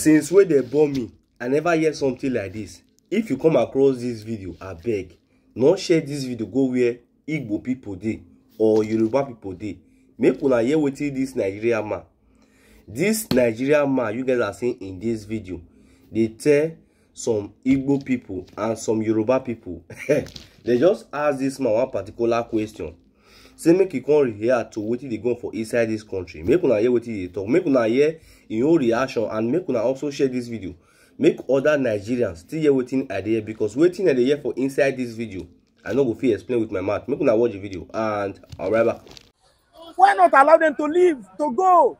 since when they born me i never hear something like this if you come across this video I beg, no share this video go where igbo people dey or yoruba people dey make una hear wetin this Nigeria man this Nigeria man you guys are seeing in this video dey tell some igbo people and some yoruba people they just ask this man one particular question say make you come react to wetin They go for inside this country make una hear wetin e dey talk make una hear in your reaction and make una also share this video make other nigerians still hear wetin i because waiting i dey hear for inside this video i know go fit explain with my mouth make una watch the video and i'll right back. why not allow them to leave to go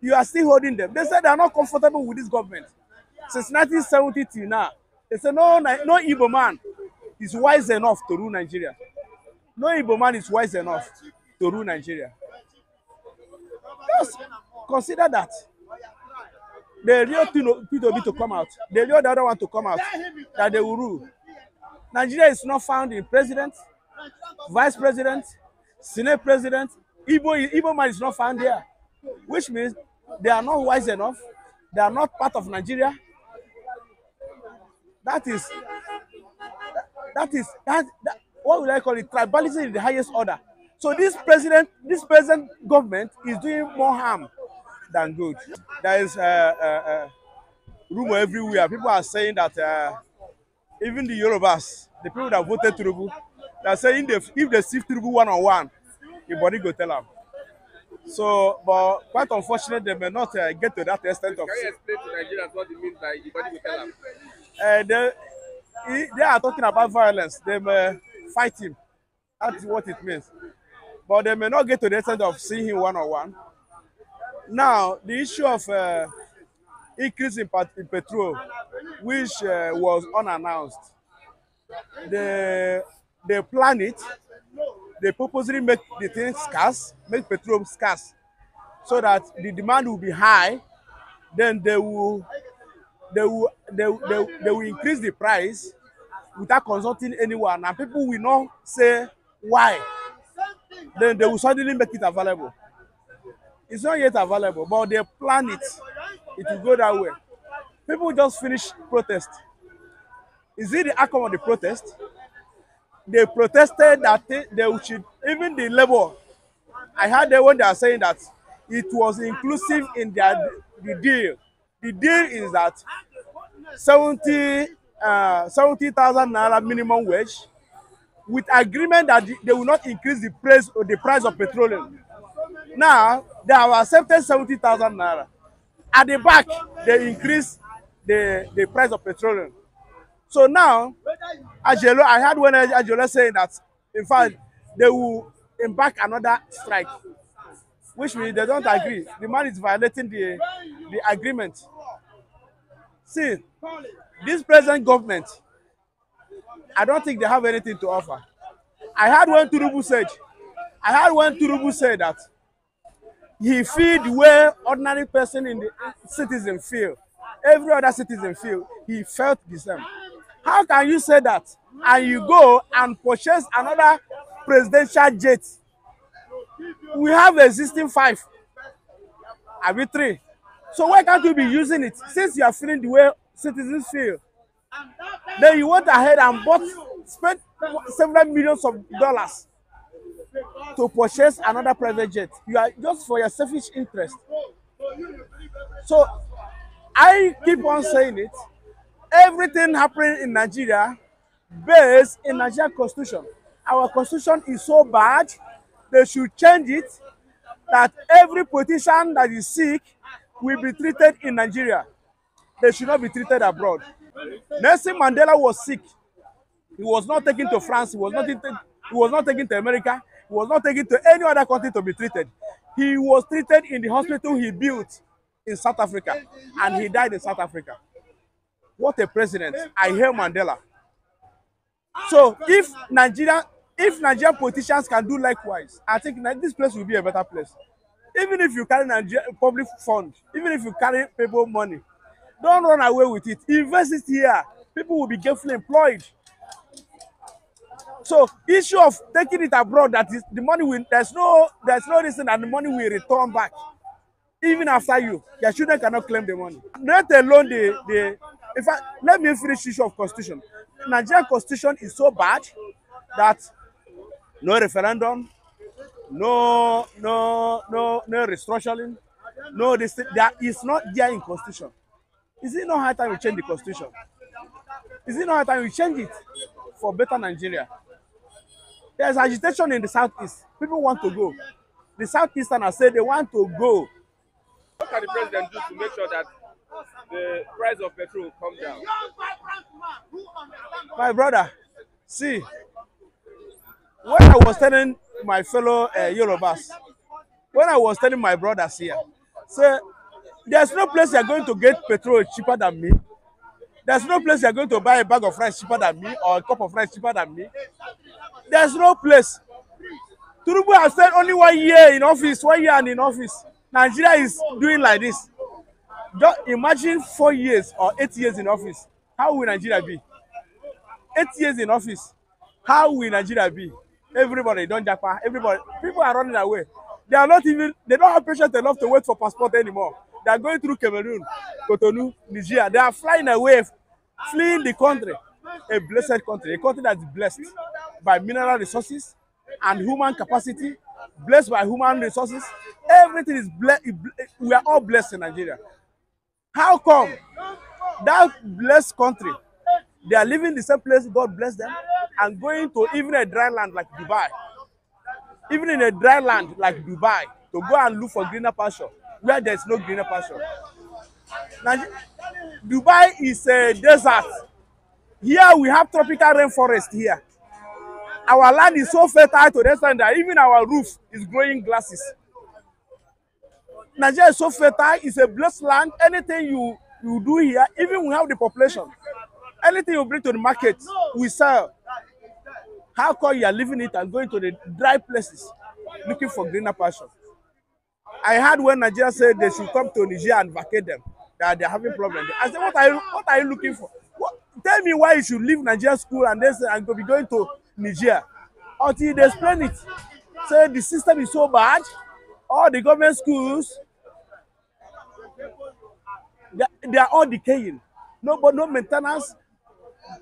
you are still holding them they said they are not comfortable with this government since 1970 till now they say no no evil man is wise enough to rule nigeria No Igbo man is wise enough to rule Nigeria. Just consider that. The real thing, 2 b to come out, the real the other one to come out, that they will rule. Nigeria is not found in president, vice president, senate president. Igbo, Igbo man is not found there, which means they are not wise enough. They are not part of Nigeria. That is, that, that is, that, that, what would I call it? Tribalism in the highest order. So this president, this present government is doing more harm than good. There is uh, uh, uh rumor everywhere. People are saying that uh, even the Yorubas, the people that voted Tinubu, they're saying they, if they see Tinubu one on one, the body go tell them. So, but quite unfortunate, they may not uh, get to that extent of. Can you explain to Nigerians what by body go tell them? Uh, they, they are talking about violence. They may, fight him. That's what it means. But they may not get to the extent of seeing him one on one. Now, the issue of uh, increase in, in petrol, which uh, was unannounced, they, they plan it, they purposely make the thing scarce, make petrol scarce, so that the demand will be high, then they will, they will, they, they, they will increase the price without consulting anyone and people will not say why then they will suddenly make it available it's not yet available but they plan it it will go that way people just finish protest is it the outcome of the protest they protested that they, should even the labor i heard them when they are saying that it was inclusive in their the deal the deal is that 70 uh, 70,000 naira minimum wage with agreement that they will not increase the price or the price of petroleum. Now they have accepted 70,000 naira. At the back, they increase the, the price of petroleum. So now, Ajelo, I heard when Ajelo saying that, in fact, they will embark another strike, which means they don't agree. The man is violating the, the agreement. See, this present government, I don't think they have anything to offer. I had one Turubu said, I had one Turubu said that he feel the way ordinary person in the citizen feel. Every other citizen feel. He felt the same. How can you say that and you go and purchase another presidential jet? We have existing five. Are we three? So why can't you be using it since you are feeling the way citizens fail. Then you went ahead and bought, spent several millions of dollars to purchase another private jet. You are just for your selfish interest. So I keep on saying it. Everything happening in Nigeria based in Nigerian constitution. Our constitution is so bad, they should change it that every politician that is sick will be treated in Nigeria. They should not be treated abroad. Nelson Mandela was sick. He was not taken to France. He was not, taken, he was not taken to America. He was not taken to any other country to be treated. He was treated in the hospital he built in South Africa. And he died in South Africa. What a president. I hear Mandela. So if Nigeria, if Nigerian politicians can do likewise, I think this place will be a better place. Even if you carry Nigeria public funds, even if you carry people money, don't run away with it. Invest it here. People will be gainfully employed. So issue of taking it abroad that is the money will there's no there's no reason that the money will return back. Even after you, your children cannot claim the money. Not alone the the in fact let me finish issue of constitution. Nigerian constitution is so bad that no referendum, no no no no restructuring, no this that is not there in constitution. Is it not high time we change the constitution? Is it not high time we change it for better Nigeria? There's agitation in the southeast. People want to go. The southeasterners say they want to go. What can the president do to make sure that the price of petrol comes down? My brother, see, when I was telling my fellow uh, Yorubas, when I was telling my brothers here, say There's no place you're going to get petrol cheaper than me. There's no place you're going to buy a bag of rice cheaper than me or a cup of rice cheaper than me. There's no place. Tunubu has spent only one year in office, one year and in office. Nigeria is doing like this. Just imagine four years or eight years in office. How will Nigeria be? Eight years in office. How will Nigeria be? Everybody, don't japa. Everybody, people are running away. They are not even. They don't have patience enough to wait for passport anymore. They are going through Cameroon, Cotonou, Nigeria. They are flying away, fleeing the country, a blessed country, a country that is blessed by mineral resources and human capacity, blessed by human resources. Everything is blessed. We are all blessed in Nigeria. How come that blessed country, they are living the same place God blessed them and going to even a dry land like Dubai, even in a dry land like Dubai, to go and look for greener pasture where there's no greener pasture. Now, Dubai is a desert. Here we have tropical rainforest here. Our land is so fertile to the extent that even our roof is growing grasses. Nigeria is so fertile, it's a blessed land. Anything you, you do here, even we have the population, anything you bring to the market, we sell. How come you are leaving it and going to the dry places looking for greener pasture? I heard when Nigeria said they should come to Nigeria and vacate them, that they're having problems. I said, what are you, what are you looking for? What, tell me why you should leave Nigeria school and then and go be going to Nigeria. Until they explain it. Say the system is so bad, all the government schools, they, they are all decaying. No, but no maintenance.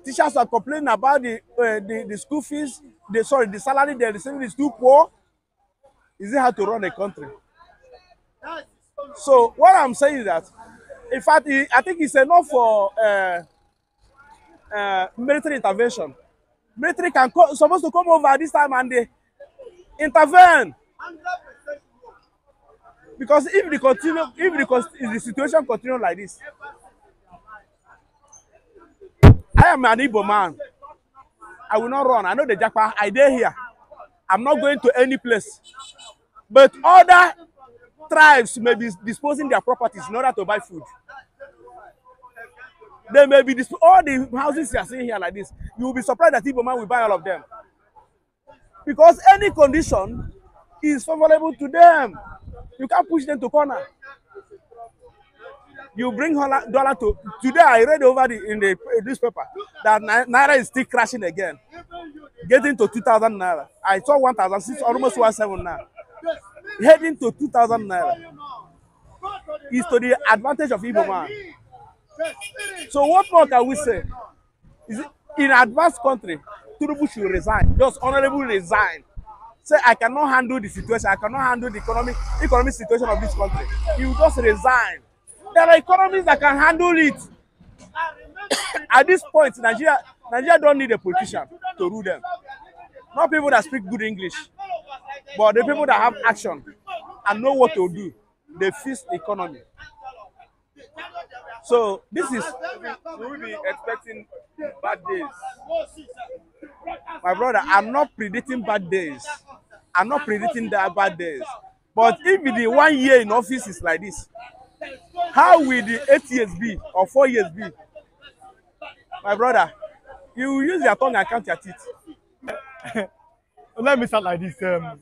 Teachers are complaining about the, uh, the, the school fees. The, sorry, the salary they're receiving is too poor. Is it how to run a country? So what I'm saying is that, in fact, I think it's enough for uh, uh, military intervention. Military can co- supposed to come over this time and they intervene. Because if the continue, if the, if the situation continues like this, I am an Igbo man. I will not run. I know the jackpot. I dare here. I'm not going to any place. But other tribes may be disposing their properties in order to buy food. They may be all the houses you are seeing here like this. You will be surprised that Igbo man will buy all of them. Because any condition is favorable to them. You can't push them to corner. You bring dollar to today. I read over the, in the newspaper that naira is still crashing again, getting to two thousand naira. I saw one thousand six, almost one seven now. heading to 2,000 naira is to the advantage of Igbo man. So what more can we say? Is it, in advanced country, Turubu should resign. Just honorable resign. Say, I cannot handle the situation. I cannot handle the economic, economic situation of this country. He will just resign. There are economies that can handle it. At this point, Nigeria, Nigeria don't need a politician to rule them. Not people that speak good English. But the people that have action and know what to do, they fix the economy. So this is we will be expecting bad days. My brother, I'm not predicting bad days. I'm not predicting that bad days. But if the one year in office is like this, how will the eight years be or four years be? My brother, you use your tongue and count your teeth. Let me start like this. Um,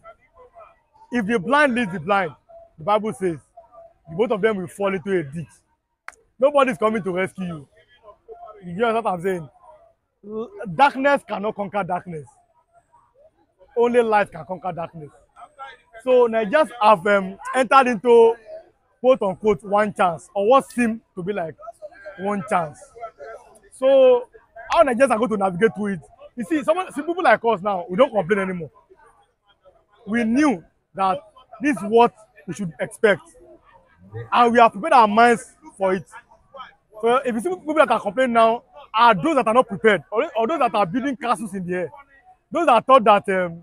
If the blind leads the blind, the Bible says, the both of them will fall into a ditch. Nobody is coming to rescue you. You get what I'm saying? Darkness cannot conquer darkness. Only light can conquer darkness. So Nigerians have um, entered into quote unquote one chance or what seemed to be like one chance. So how Nigerians are going to navigate through it? You see, some see people like us now, we don't complain anymore. We knew that this is what we should expect and we have prepared our minds for it so if you see people that are complaining now are those that are not prepared or, or those that are building castles in the air those that thought that um,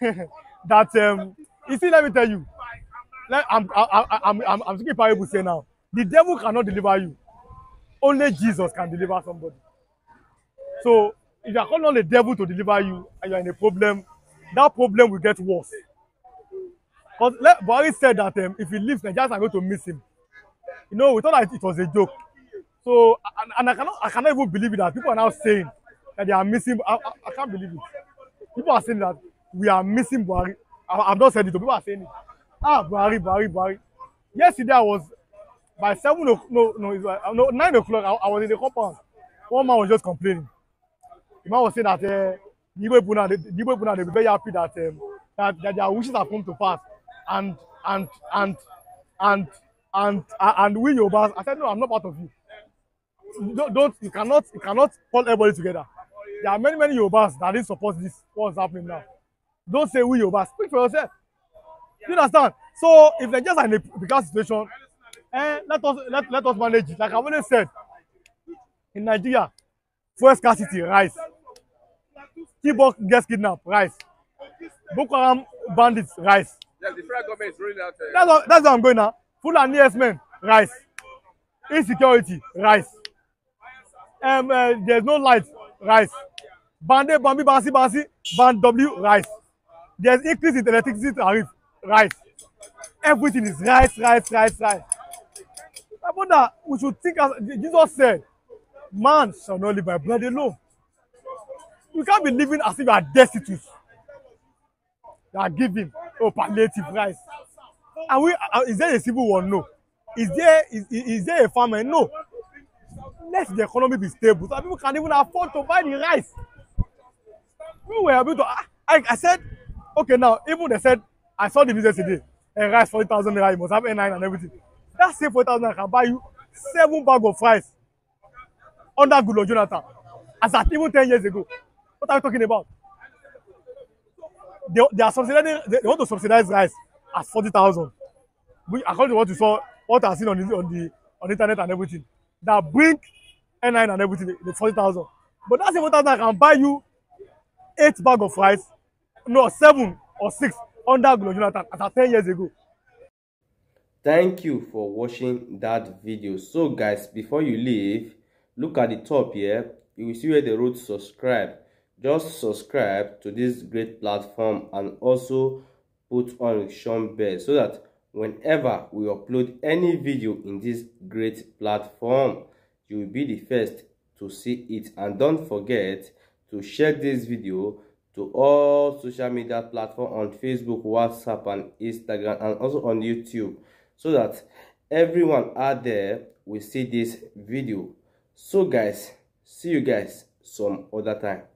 that um, you see let me tell you like i'm i i'm i'm i'm speaking parable say now the devil cannot deliver you only jesus can deliver somebody so if you are calling on the devil to deliver you and you are in a problem that problem will get worse Because Buhari said that um, if he leaves, Nigerians are going to miss him. You know, we thought that it was a joke. So, and, and I cannot, I cannot even believe it that people are now saying that they are missing. I, I, I can't believe it. People are saying that we are missing Buhari. I, I've not said it, but people are saying it. Ah, Buhari, Buhari, Buhari. Yesterday I was by seven o'clock, no, no, it's like, no, nine o'clock. I, I was in the compound. One man was just complaining. The man was saying that uh, the Igbo people now, people now, they be very happy that um, that, that their wishes have come to pass. and and and and and uh, and we boss. I said, no, I'm not part of you. Don't, don't you cannot you cannot pull everybody together. There are many many Yorubas that didn't support this. What's happening now? Don't say we Yorubas. Speak for yourself. You understand? So if they just are in a bigger situation, eh, let us let, let us manage it. Like I've already said, in Nigeria, gas scarcity rise. Keyboard gets kidnapped rise. Boko Haram bandits rise. Yes, the federal government is rolling out. Uh, that's, what, that's what I'm going now. Full Fulani men, rice. Insecurity, rice. Um, uh, there's no light, rice. Bande, Bambi, Bansi, Bansi, Band W, rice. There's increase in electricity tariff, rice. Everything is rice, rice, rice, rice. I wonder, we should think as Jesus said, man shall not live by bread alone. We can't be living as if we are destitute and give him oh palliative rice Are we uh, is there a civil war no is there is, is there a farmer? no let the economy be stable so people can even afford to buy the rice we were able to ah, i i said okay now even they said i saw the business today and rice forty thousand naira you must have n9 and everything that same forty thousand naira can buy you seven bag of rice under goodluck jonathan as at even ten years ago what are you talking about they, they are subsidizing they, they want to subsidize rice at forty thousand which according to what you saw what i seen on the on the on the internet and everything that bring n9 and everything the forty thousand but that's same forty thousand can buy you eight bag of rice no seven or six under Goodluck Jonathan at ten years ago thank you for watching that video so guys before you leave look at the top here you will see where the road subscribe just subscribe to this great platform and also put on Sean bell so that whenever we upload any video in this great platform you will be the first to see it and don't forget to share this video to all social media platforms on facebook whatsapp and instagram and also on youtube so that everyone out there will see this video so guys see you guys some other time